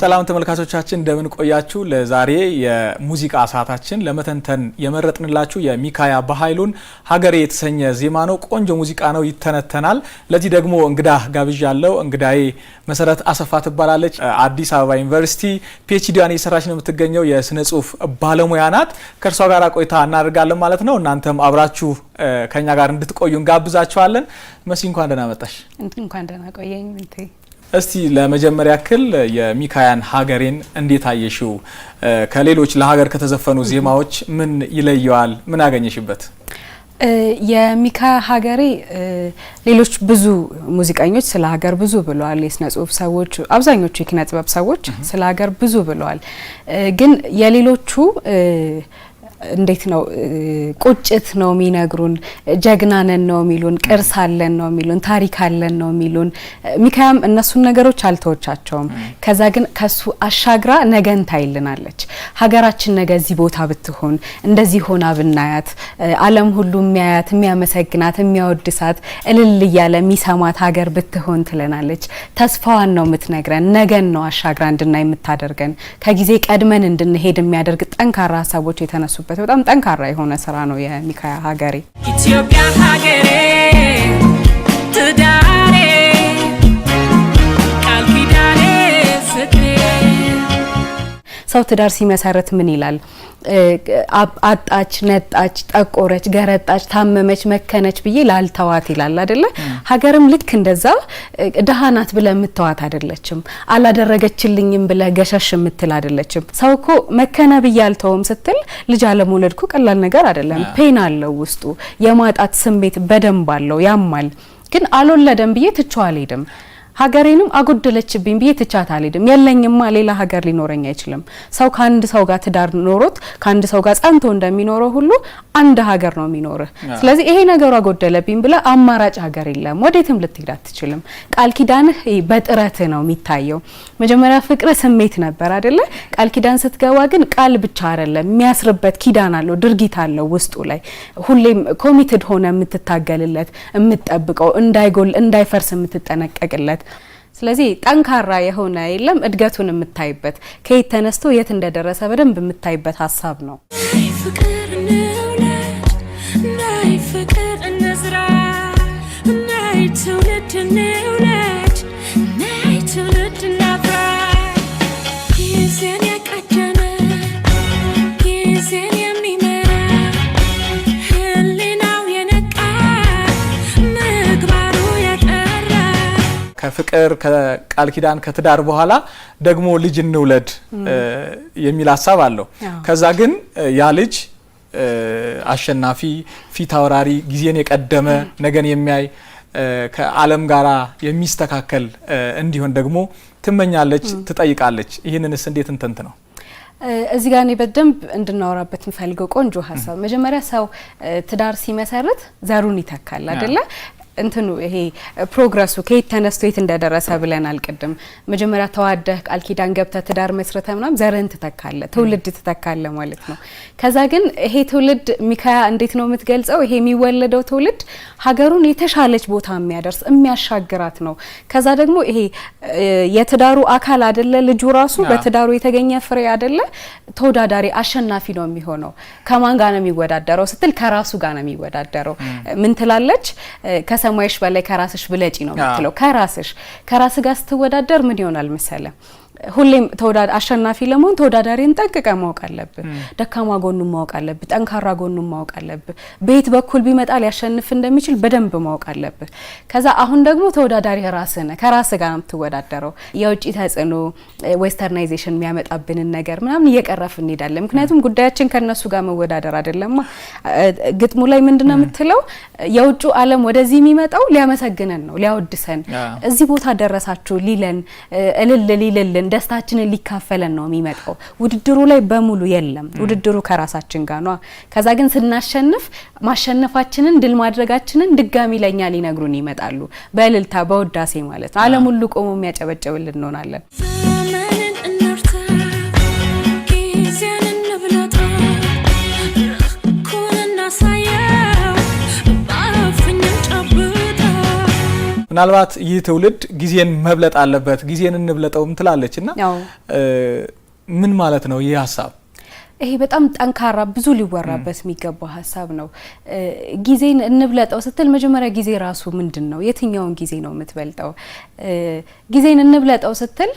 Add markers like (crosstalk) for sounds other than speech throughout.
ሰላም ተመልካቾቻችን እንደምን ቆያችሁ? ለዛሬ የሙዚቃ ሰዓታችን ለመተንተን የመረጥንላችሁ የሚካያ በኃይሉን ሀገሬ የተሰኘ ዜማ ነው። ቆንጆ ሙዚቃ ነው፣ ይተነተናል። ለዚህ ደግሞ እንግዳ ጋብዣ ያለው እንግዳዬ መሰረት አሰፋ ትባላለች። አዲስ አበባ ዩኒቨርሲቲ ፒኤችዲዋን እየሰራች ነው የምትገኘው። የስነ ጽሁፍ ባለሙያ ናት። ከእርሷ ጋር ቆይታ እናደርጋለን ማለት ነው። እናንተም አብራችሁ ከኛ ጋር እንድትቆዩ እንጋብዛችኋለን። መሲ እንኳን ደህና መጣሽ። እንኳን ደህና ቆየኝ። እስቲ ለመጀመሪያ ያክል የሚካያን ሀገሬን እንዴት አየሽው? ከሌሎች ለሀገር ከተዘፈኑ ዜማዎች ምን ይለየዋል? ምን አገኘሽበት? የሚካ ሀገሬ ሌሎች ብዙ ሙዚቀኞች ስለ ሀገር ብዙ ብለዋል። የስነ ጽሁፍ ሰዎች፣ አብዛኞቹ የኪነ ጥበብ ሰዎች ስለ ሀገር ብዙ ብለዋል። ግን የሌሎቹ እንዴት ነው ቁጭት ነው የሚነግሩን፣ ጀግናነን ነው የሚሉን፣ ቅርስ አለን ነው የሚሉን፣ ታሪክ አለን ነው የሚሉን። ሚካያም እነሱን ነገሮች አልተወቻቸውም። ከዛ ግን ከሱ አሻግራ ነገን ታይልናለች። ሀገራችን ነገ እዚህ ቦታ ብትሆን እንደዚህ ሆና ብናያት ዓለም ሁሉ የሚያያት የሚያመሰግናት፣ የሚያወድሳት እልል እያለ የሚሰማት ሀገር ብትሆን ትለናለች። ተስፋዋን ነው የምትነግረን። ነገን ነው አሻግራ እንድናይ የምታደርገን። ከጊዜ ቀድመን እንድንሄድ የሚያደርግ ጠንካራ ሀሳቦች የተነሱ ያለበት በጣም ጠንካራ የሆነ ስራ ነው የሚካያ ሀገሬ ኢትዮጵያ ሀገሬ ሰው ትዳር ሲመሰረት ምን ይላል? አጣች፣ ነጣች፣ ጠቆረች፣ ገረጣች፣ ታመመች፣ መከነች ብዬ ላልተዋት ይላል አደለ? ሀገርም ልክ እንደዛ ድሃ ናት ብለ የምትዋት አደለችም። አላደረገችልኝም ብለ ገሸሽ የምትል አደለችም። ሰው እኮ መከነ ብዬ አልተውም ስትል ልጅ አለመውለድ እኮ ቀላል ነገር አደለም። ፔን አለው ውስጡ የማጣት ስሜት በደንብ አለው፣ ያማል። ግን አልወለደም ብዬ ትቼው አልሄድም። ሀገሬንም አጎደለችብኝ ብዬ ትቻት አልሄድም። የለኝማ ሌላ ሀገር ሊኖረኝ አይችልም። ሰው ከአንድ ሰው ጋር ትዳር ኖሮት ከአንድ ሰው ጋር ጸንቶ እንደሚኖረው ሁሉ አንድ ሀገር ነው የሚኖርህ። ስለዚህ ይሄ ነገሩ አጎደለብኝ ብለ አማራጭ ሀገር የለም፣ ወዴትም ልትሄድ አትችልም። ቃል ኪዳንህ በጥረት ነው የሚታየው። መጀመሪያ ፍቅር ስሜት ነበር አይደለ? ቃል ኪዳን ስትገባ ግን ቃል ብቻ አይደለም የሚያስርበት ኪዳን አለው፣ ድርጊት አለው ውስጡ ላይ ሁሌም ኮሚትድ ሆነ የምትታገልለት የምትጠብቀው እንዳይጎል እንዳይፈርስ የምትጠነቀቅለት ስለዚህ ጠንካራ የሆነ የለም እድገቱን የምታይበት ከየት ተነስቶ የት እንደደረሰ በደንብ የምታይበት ሀሳብ ነው። ከፍቅር ከቃል ኪዳን ከትዳር በኋላ ደግሞ ልጅ እንውለድ የሚል ሀሳብ አለው። ከዛ ግን ያ ልጅ አሸናፊ፣ ፊት አውራሪ፣ ጊዜን የቀደመ ነገን የሚያይ ከዓለም ጋራ የሚስተካከል እንዲሆን ደግሞ ትመኛለች፣ ትጠይቃለች። ይህንንስ እንዴት እንትንት ነው? እዚህ ጋር እኔ በደንብ እንድናወራበት እንፈልገው ቆንጆ ሀሳብ መጀመሪያ ሰው ትዳር ሲመሰርት ዘሩን ይተካል አይደለ? እንትኑ ይሄ ፕሮግረሱ ከየት ተነስቶ የት እንደደረሰ ብለን ቅድም መጀመሪያ ተዋደህ ቃል ኪዳን ገብተህ ትዳር መስረተ ምናም ዘርህን ትተካለ ትውልድ ትተካለ ማለት ነው። ከዛ ግን ይሄ ትውልድ ሚካያ እንዴት ነው የምትገልጸው? ይሄ የሚወለደው ትውልድ ሀገሩን የተሻለች ቦታ የሚያደርስ የሚያሻግራት ነው። ከዛ ደግሞ ይሄ የትዳሩ አካል አደለ ልጁ ራሱ በትዳሩ የተገኘ ፍሬ አደለ ተወዳዳሪ አሸናፊ ነው የሚሆነው። ከማን ጋር ነው የሚወዳደረው ስትል ከራሱ ጋር ነው የሚወዳደረው። ምን ትላለች? ከሰማይሽ በላይ ከራስሽ ብለጪ ነው የምትለው። ከራስሽ ከራስ ጋር ስትወዳደር ምን ይሆናል መሰለ ሁሌም አሸናፊ ለመሆን ተወዳዳሪን ጠንቅቀ ማወቅ አለብ ደካማ ጎኑ ማወቅ አለብ። ጠንካራ ጎኑ ማወቅ አለብ። በየት በኩል ቢመጣ ሊያሸንፍ እንደሚችል በደንብ ማወቅ አለብ ከዛ አሁን ደግሞ ተወዳዳሪ ራስህ ነህ። ጋር ነው የምትወዳደረው። የውጭ ተጽዕኖ ዌስተርናይዜሽን የሚያመጣብንን ነገር ምናምን እየቀረፍ እንሄዳለን። ምክንያቱም ጉዳያችን ከነሱ ጋር መወዳደር አይደለም ግጥሙ ላይ ምንድነው የምትለው? የውጭ ዓለም ወደዚህ የሚመጣው ሊያመሰግነን ነው፣ ሊያወድሰን፣ እዚህ ቦታ ደረሳችሁ ሊለን እልል ሊልልን ደስታችንን ሊካፈለን ነው የሚመጣው። ውድድሩ ላይ በሙሉ የለም። ውድድሩ ከራሳችን ጋር ነው። ከዛ ግን ስናሸንፍ ማሸነፋችንን ድል ማድረጋችንን ድጋሚ ለእኛ ሊነግሩን ይመጣሉ። በእልልታ በውዳሴ ማለት ነው። ዓለም ሁሉ ቆሞ የሚያጨበጨብልን እንሆናለን። ምናልባት ይህ ትውልድ ጊዜን መብለጥ አለበት ጊዜን እንብለጠውም ትላለች እና ምን ማለት ነው ይህ ሀሳብ? ይሄ በጣም ጠንካራ ብዙ ሊወራበት የሚገባ ሀሳብ ነው። ጊዜን እንብለጠው ስትል መጀመሪያ ጊዜ ራሱ ምንድን ነው? የትኛውን ጊዜ ነው የምትበልጠው? ጊዜን እንብለጠው ስትል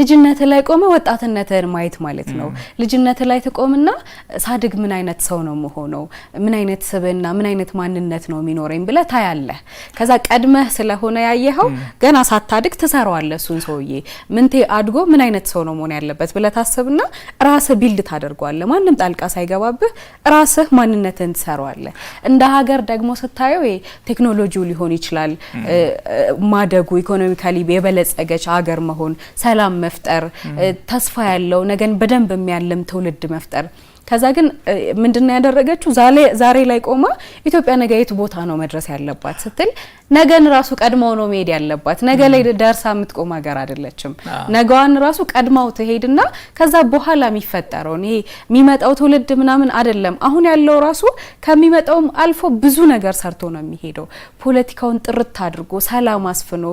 ልጅነት ላይ ቆመ ወጣትነትን ማየት ማለት ነው። ልጅነት ላይ ትቆምና ሳድግ ምን አይነት ሰው ነው መሆነው፣ ምን አይነት ስብና፣ ምን አይነት ማንነት ነው የሚኖረኝ ብለ ታያለህ። ከዛ ቀድመህ ስለሆነ ያየኸው ገና ሳታድግ ትሰራዋለህ። እሱን ሰውዬ ምንቴ አድጎ ምን አይነት ሰው ነው መሆን ያለበት ብለ ታስብና ራስ ቢልድ ታደርጓለ? ትችላለህ። ማንም ጣልቃ ሳይገባብህ ራስህ ማንነትን ትሰራዋለህ። እንደ ሀገር ደግሞ ስታየው ቴክኖሎጂው ሊሆን ይችላል ማደጉ፣ ኢኮኖሚካሊ የበለጸገች ሀገር መሆን፣ ሰላም መፍጠር፣ ተስፋ ያለው ነገን በደንብ የሚያልም ትውልድ መፍጠር ከዛ ግን ምንድን ያደረገችው ዛሬ ላይ ቆማ ኢትዮጵያ ነገ የት ቦታ ነው መድረስ ያለባት ስትል ነገን ራሱ ቀድማው ነው መሄድ ያለባት። ነገ ላይ ደርሳ የምትቆም ሀገር አይደለችም። ነገዋን ራሱ ቀድማው ትሄድና ከዛ በኋላ የሚፈጠረውን ይሄ የሚመጣው ትውልድ ምናምን አይደለም። አሁን ያለው ራሱ ከሚመጣውም አልፎ ብዙ ነገር ሰርቶ ነው የሚሄደው። ፖለቲካውን ጥርት አድርጎ ሰላም አስፍኖ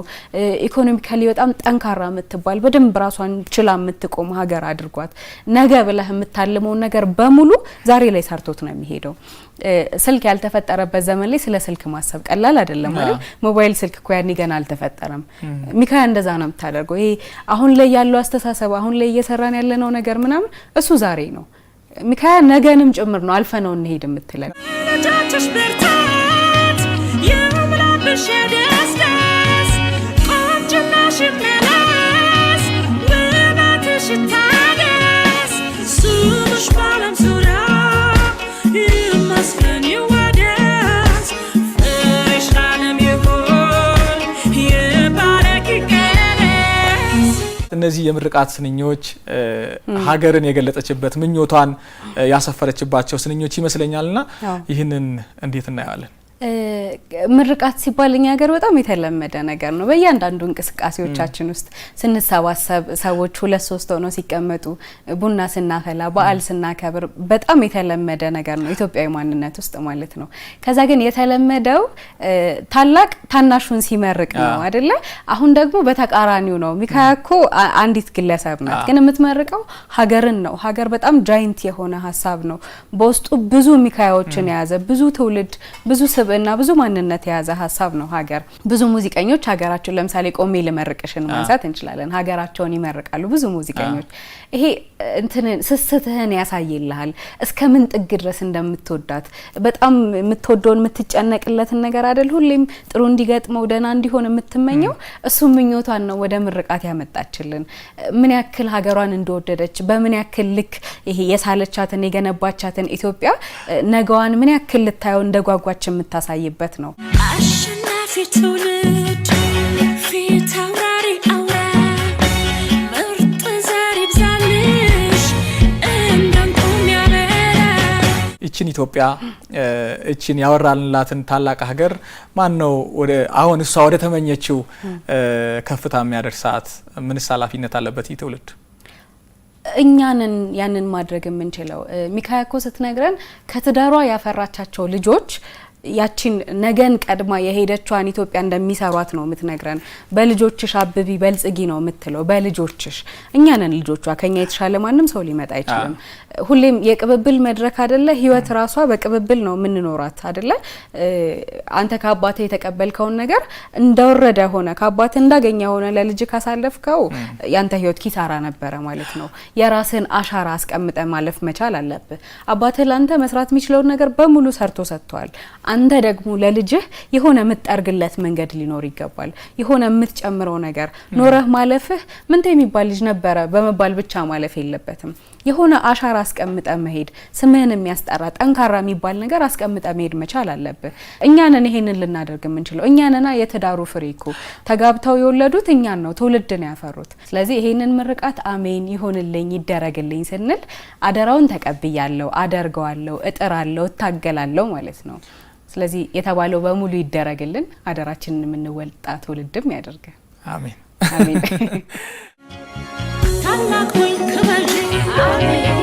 ኢኮኖሚካሊ በጣም ጠንካራ የምትባል በደንብ ራሷን ችላ የምትቆም ሀገር አድርጓት ነገ ብለህ የምታልመውን ነገር በሙሉ ዛሬ ላይ ሰርቶት ነው የሚሄደው። ስልክ ያልተፈጠረበት ዘመን ላይ ስለ ስልክ ማሰብ ቀላል አይደለም አይደል? ሞባይል ስልክ እኮ ያኔ ገና አልተፈጠረም። ሚካያ እንደዛ ነው የምታደርገው። ይሄ አሁን ላይ ያለው አስተሳሰብ፣ አሁን ላይ እየሰራን ያለነው ነገር ምናምን እሱ ዛሬ ነው። ሚካያ ነገንም ጭምር ነው አልፈ ነው እንሄድ የምትለን እነዚህ የምርቃት ስንኞች ሀገርን የገለጠችበት ምኞቷን ያሰፈረችባቸው ስንኞች ይመስለኛልና ይህንን እንዴት እናየዋለን? ምርቃት ሲባል እኛ ሀገር በጣም የተለመደ ነገር ነው። በእያንዳንዱ እንቅስቃሴዎቻችን ውስጥ ስንሰባሰብ ሰዎች ሁለት ሶስት ሆነው ሲቀመጡ፣ ቡና ስናፈላ፣ በዓል ስናከብር በጣም የተለመደ ነገር ነው ኢትዮጵያዊ ማንነት ውስጥ ማለት ነው። ከዛ ግን የተለመደው ታላቅ ታናሹን ሲመርቅ ነው አደለ? አሁን ደግሞ በተቃራኒው ነው። ሚካያ እኮ አንዲት ግለሰብ ናት፣ ግን የምትመርቀው ሀገርን ነው። ሀገር በጣም ጃይንት የሆነ ሀሳብ ነው። በውስጡ ብዙ ሚካያዎችን የያዘ ብዙ ትውልድ ብዙ ስብ እና ብዙ ማንነት የያዘ ሀሳብ ነው ሀገር። ብዙ ሙዚቀኞች ሀገራቸውን ለምሳሌ ቆሜ ልመርቅሽን ማንሳት እንችላለን። ሀገራቸውን ይመርቃሉ ብዙ ሙዚቀኞች። ይሄ እንትን ስስትህን ያሳይልሃል እስከ ምን ጥግ ድረስ እንደምትወዳት በጣም የምትወደውን የምትጨነቅለትን ነገር አይደል ሁሌም ጥሩ እንዲገጥመው ደህና እንዲሆን የምትመኘው እሱ ምኞቷን ነው ወደ ምርቃት ያመጣችልን። ምን ያክል ሀገሯን እንደወደደች በምን ያክል ልክ ይሄ የሳለቻትን የገነባቻትን ኢትዮጵያ ነገዋን ምን ያክል ልታየው እንደጓጓች የምታ የምታሳይበት ነው። አሸናፊ ትውልድ ፊት አውራሪ አውራ ምርጥ ዘር ይብዛልሽ እችን ኢትዮጵያ እችን ያወራልንላትን ታላቅ ሀገር ማን ነው አሁን እሷ ወደ ተመኘችው ከፍታ የሚያደርሳት? ምንስ ኃላፊነት አለበት ይህ ትውልድ? እኛንን ያንን ማድረግ የምንችለው ሚካያኮ ስትነግረን ከትዳሯ ያፈራቻቸው ልጆች ያቺን ነገን ቀድማ የሄደቿን ኢትዮጵያ እንደሚሰሯት ነው የምትነግረን። በልጆችሽ አብቢ በልጽጊ ነው የምትለው። በልጆችሽ እኛ ነን ልጆቿ። ከኛ የተሻለ ማንም ሰው ሊመጣ አይችልም። ሁሌም የቅብብል መድረክ አደለ? ህይወት ራሷ በቅብብል ነው የምንኖራት አደለ? አንተ ከአባት የተቀበልከውን ነገር እንደወረደ ሆነ ከአባት እንዳገኘ ሆነ ለልጅ ካሳለፍከው ያንተ ህይወት ኪሳራ ነበረ ማለት ነው። የራስን አሻራ አስቀምጠ ማለፍ መቻል አለብህ። አባትህ ለአንተ መስራት የሚችለውን ነገር በሙሉ ሰርቶ ሰጥቷል። አንተ ደግሞ ለልጅህ የሆነ የምትጠርግለት መንገድ ሊኖር ይገባል። የሆነ የምትጨምረው ነገር ኖረህ ማለፍህ ምንተ የሚባል ልጅ ነበረ በመባል ብቻ ማለፍ የለበትም። የሆነ አሻራ አስቀምጠ መሄድ፣ ስምህን የሚያስጠራ ጠንካራ የሚባል ነገር አስቀምጠ መሄድ መቻል አለብህ። እኛንን ይሄንን ልናደርግ የምንችለው እኛንና የትዳሩ ፍሬ እኮ ተጋብተው የወለዱት እኛን ነው፣ ትውልድ ነው ያፈሩት። ስለዚህ ይሄንን ምርቃት አሜን ይሆንልኝ ይደረግልኝ ስንል አደራውን ተቀብያለሁ፣ አደርገዋለሁ፣ እጥራለሁ፣ እታገላለሁ ማለት ነው። ስለዚህ የተባለው በሙሉ ይደረግልን፣ አደራችንን የምንወጣ ትውልድም ያደርገ። አሜን አሜን። (laughs)